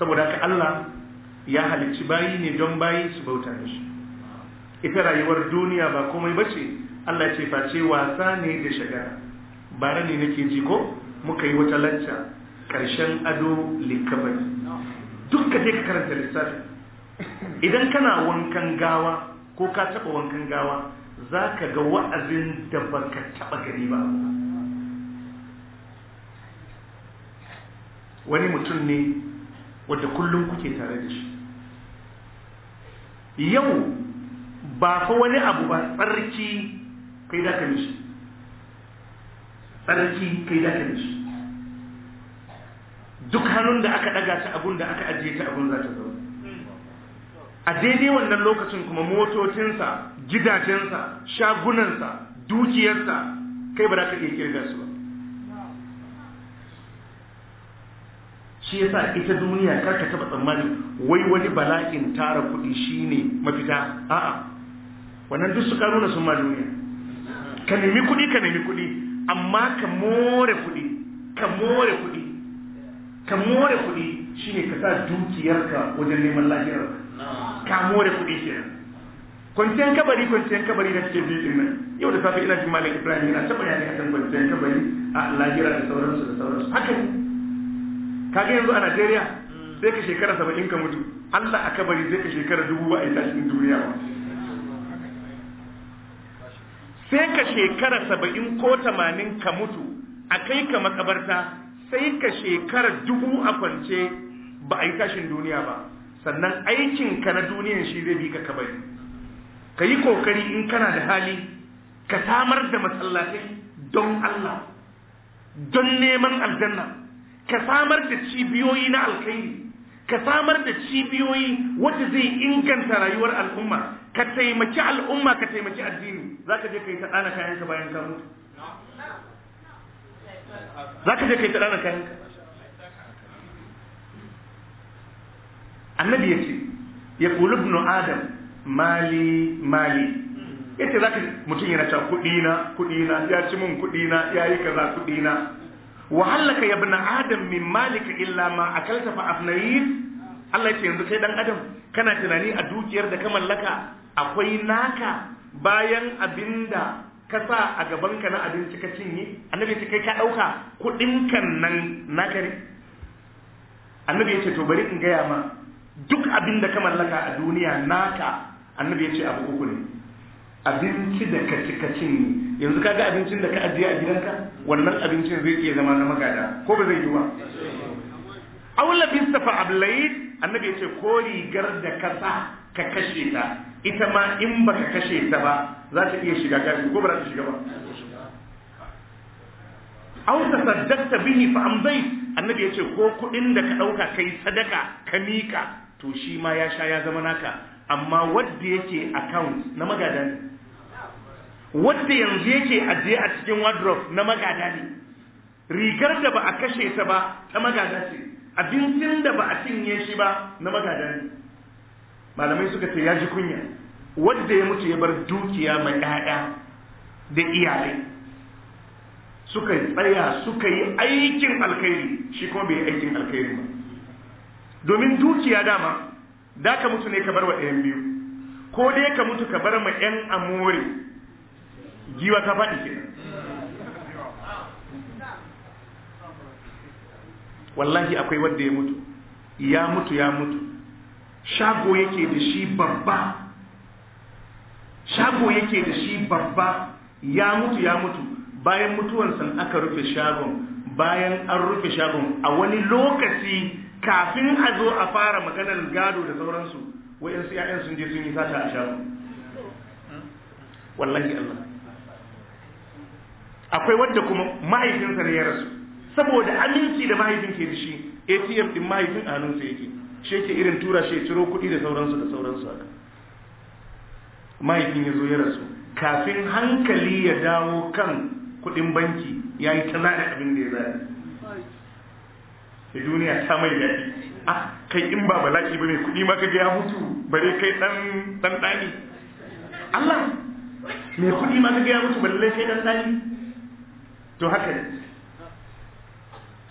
saboda ka Allah ya halicci bayi ne don bayi su bauta da shi ita rayuwar duniya ba komai bace Allah ce face wasa ne da shagara bara ne nake ji ko muka yi wata lacca karshen ado likabari duk ka je ka karanta lissafi idan kana wankan gawa ko ka taɓa wankan gawa za ka ga wa'azin da ba ka taɓa gani ba wani mutum ne wadda kullum kuke tare da shi yau ba fa wani abu ba tsarki kai da ka mishi tsarki kai da kai shi duk hannun da aka daga ta abun da aka ajiye ta abun za ta zo, a daidai wannan lokacin kuma motocinsa gidajensa shagunansa dukiyarsa kai ba za ka iya kirga su ba shi yasa ita duniya kar ka taba tsammani wai wani bala'in tara kuɗi shine mafita a'a wannan duk su karuna sun ma duniya ka nemi kuɗi ka nemi kuɗi amma ka more kuɗi ka more kuɗi ka more kuɗi shine ka sa dukiyarka wajen neman lahiyar ka more kuɗi ke kwanciyar kabari kwanciyar kabari da cikin biyu ɗin nan yau da safi ina jin malam ibrahim yana ta bayani kan kwanciyar kabari a lahira da sauransu da sauransu haka ne ga yanzu a nigeria sai ka shekara saba'in ka mutu allah a kabari sai ka shekara dubu ba a yi tashin duniya ba sai ka shekara saba'in ko tamanin ka mutu a kai ka makabarta sai ka shekara dubu a kwance ba a yi tashin duniya ba sannan aikin ka na duniyan shi zai bi ka kabari ka yi kokari in kana da hali ka samar da masallatai don Allah don neman aljanna ka samar da cibiyoyi na alkhairi ka samar da cibiyoyi wadda zai inganta rayuwar al'umma ka taimaki al'umma ka taimaki addini za ka je ka yi ta ɗana kayanka bayan ka mutu za ka je ka yi ta ɗana kayanka annabi ya ce ya kuli ibn adam mali mali ya ce za ka mutum yana ta kuɗi na, kuɗi na, ya ci min na, ya yi kaza kuɗi na. wahallaka ya ibn adam min malika illa ma akalta fa afnayin Allah ya ce yanzu kai dan adam kana tunani a dukiyar da ka mallaka akwai naka bayan abinda ka sa a gaban ka na abinci ka cinye annabi ce kai ka dauka kudin kan nan naka ne annabi ya ce to bari in gaya ma duk abinda ka mallaka a duniya naka annabi ya ce abu uku ne abinci da ka ci ka cinye yanzu kaga abincin da ka ajiye a gidanka wannan abincin zai iya zama na magada ko ba zai yi ba fa ablayi annabi ya ce ko rigar da ka ka kashe ta ita ma in ba ka kashe ta ba za ta iya shiga gashi ko ba za ta shiga ba aw tasaddaqta bihi fa amdai annabi yace ko kudin da ka dauka kai sadaka ka mika to shi ma ya sha ya zama naka amma wanda yake account na magada ne wanda yanzu yake ajiye a cikin wardrobe na magada ne rigar da ba a kashe ta ba ta magada ce abincin da ba a cinye shi ba na magada malamai suka ce ya ji kunya wadda ya mutu ya bar dukiya mai ɗaya da iyalai suka tsaya suka yi aikin alkhairi shi kuma bai aikin alkhairi ba domin dukiya dama da ka mutu ne ka bar wa ɗayan biyu ko dai ka mutu ka bar ma ƴan amore giwa ta faɗi kenan wallahi akwai wanda ya mutu ya mutu ya mutu shago yake da shi babba shago yake da shi babba ya mutu ya mutu bayan mutuwansa aka rufe shagon bayan an rufe shagon a wani lokaci kafin a zo a fara maganar gado da sauransu wayansu 'ya'yan sun je sun yi sata a shagon wallahi Allah akwai wadda kuma mahaifinsa ne ya rasu saboda aminci da mahaifin ke da shi atm din mahaifin hannunsa yake shi yake irin tura shi ciro kuɗi da sauransu da sauransu haka mahaifin ya zo ya rasu kafin hankali ya dawo kan kuɗin banki ya yi ta zaɗa abin da ya zaɗa da duniya ta mai daɗi ah kai in ba bala'i ba ne kuɗi maka ga ya mutu bare kai ɗan ɗan ɗani Allah me kuɗi maka ga ya mutu balle kai ɗan ɗani to haka ne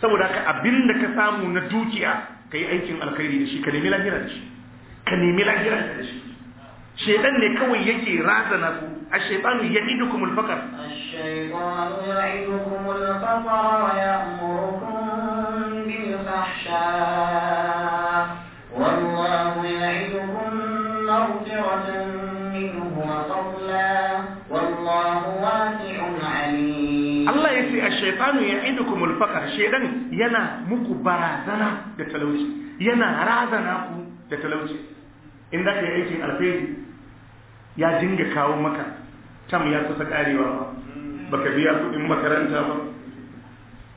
saboda ka abin da ka samu na dukiya ka yi aikin alkhairi da shi ka nemi lahira da shi ka nemi lahira da shi shedan ne kawai yake na ku a shaytanu ya'idukum al-faqr ash-shaytanu ya'idukum al-faqr wa ya'murukum bil shaytanu ya idukum alfakar, shedan yana muku barazana da talauci yana razana ku da talauci in da yi aikin alheri ya dinga kawo maka tam ya kusa karewa ba baka biya kuɗin makaranta ba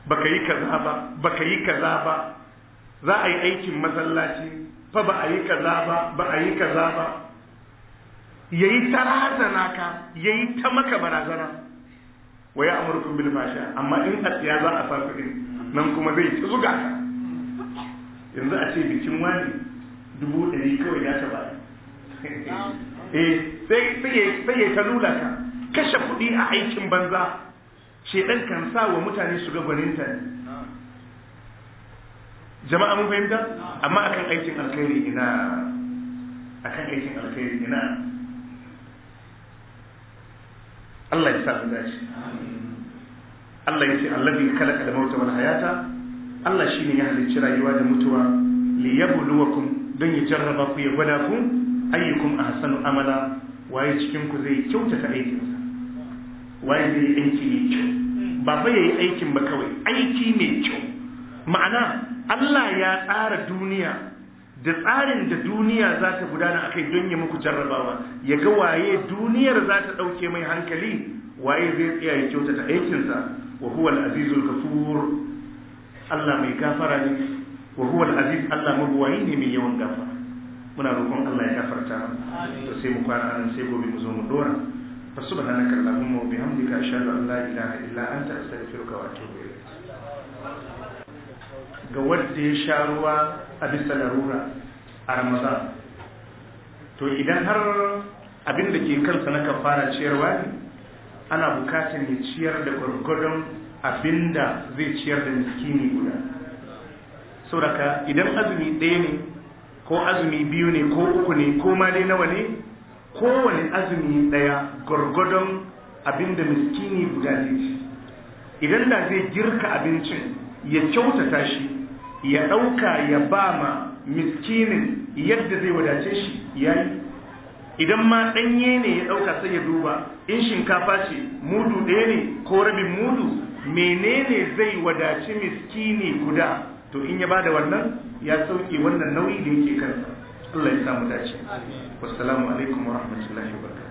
baka yi kaza ba baka yi kaza ba za a yi aikin masallaci fa ba a yi kaza ba ba a yi kaza ba yayi ta razana ka yayi ta maka barazana wa ya amurkum bil amma in a tsiya za a sa kuɗin nan kuma zai ci zuga yanzu a ce bikin wani dubu ɗari kawai ya ta eh sai ya ta lula ka kashe kuɗi a aikin banza shedan kan sa wa mutane su ga gwaninta jama'a mun fahimta amma akan aikin alkhairi ina akan aikin alkhairi ina Allah ya sa mu dace Allah ya ce allazi khalaqa da mauta wani hayata Allah shi ne ya halicci rayuwa da mutuwa liyabluwakum don ya jarraba ku ya gwada ku ayyukum ahsanu amala waye cikin ku zai kyautata aikinsa waye zai yi aiki mai kyau ba fa yi aikin ba kawai aiki mai kyau ma'ana Allah ya tsara duniya da tsarin da duniya za ta gudana a kai don ya muku jarrabawa ya ga waye duniyar za ta ɗauke mai hankali waye zai tsaya ya kyautata aikinsa wa huwa al kafur Allah mai gafara ne wa huwa al-aziz Allah mabuwayi ne mai yawan gafara muna roƙon Allah ya gafarta to sai mu fara nan sai gobe mu zo mu dora fa subhanaka allahumma wa bihamdika ashhadu an la ilaha illa anta astaghfiruka wa atubu ga wadda ya sha ruwa a bisa larura a ramadan to idan har abin da ke kansa na kafara ciyarwa ne ana bukatar ya ciyar da gwargwadon abin da zai ciyar da miskini guda sauraka idan azumi ɗaya ne ko azumi biyu ne ko uku ne ko ma dai nawa ne kowane azumi ɗaya gwargwadon abin da miskini guda zai idan da zai girka abincin ya kyautata shi ya ɗauka ya ba ma miskinin yadda zai wadace shi ya yi idan ma ɗanye ne ya ɗauka sai ya duba in shinkafa ce mudu ɗaya ne ko rabin mudu menene zai wadaci miskini guda to in ya ba da wannan ya sauke wannan nauyi da yake kansa Allah ya samu dace wassalamu alaikum wa rahmatullahi wa barakatuh